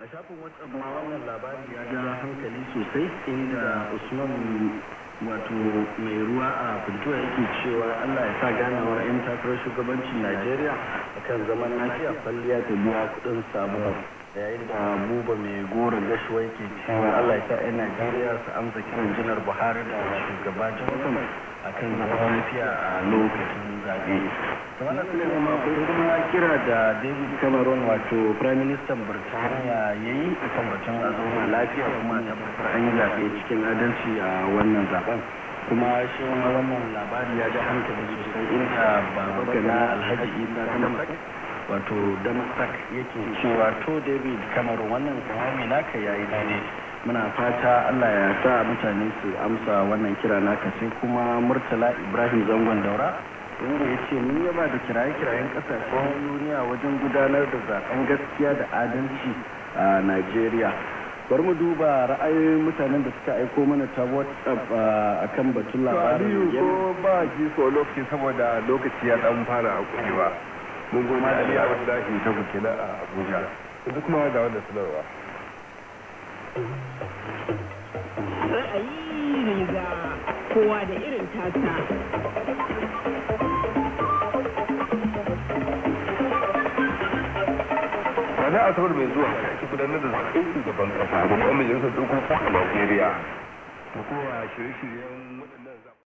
a shafin whatsapp wannan labari ya ja hankali sosai inda usman wato mai ruwa a kultura yake cewa allah ya sa ganawar 'yan takarar shugabancin najeriya akan zaman lafiya kwalliya ta biya kudin sabon yayin da buba mai goron gashuwa yake cewa allah ya sa 'yan najeriya su amsa kiran janar buhari da shugaba johnson akan zaman lafiya a lokacin zaɓe kuma kira da david cameron wato prime minister birtaniya ya yi a kan batun zauna lafiya kuma tabbatar an yi zaɓe cikin adalci a wannan zaben kuma shi wannan labari ya ja hankali sosai inda babban na alhaji isa damastak wato damastak yake cewa to david cameron wannan kawami naka yi daidai muna fata allah ya sa mutane su amsa wannan kira naka sai kuma murtala ibrahim zangon daura inda ya ce ni ya ba da kiraye-kirayen kasashen duniya wajen gudanar da zaben gaskiya da adalci a Najeriya. bari mu duba ra'ayoyin mutanen da suka aiko mana ta whatsapp a kan batun labarin ko ba ji so lokaci saboda lokaci ya dan fara a ba mun goma da ni a wanda in ta buke na a abuja yanzu kuma ga wanda sanarwa ra'ayi riga kowa da irin tasa ranar asabar mai zuwa ki gudanar da zaɓen shugaban kasa da kuma majalisar dokokin Najeriya da kowa shirye-shiryen waɗannan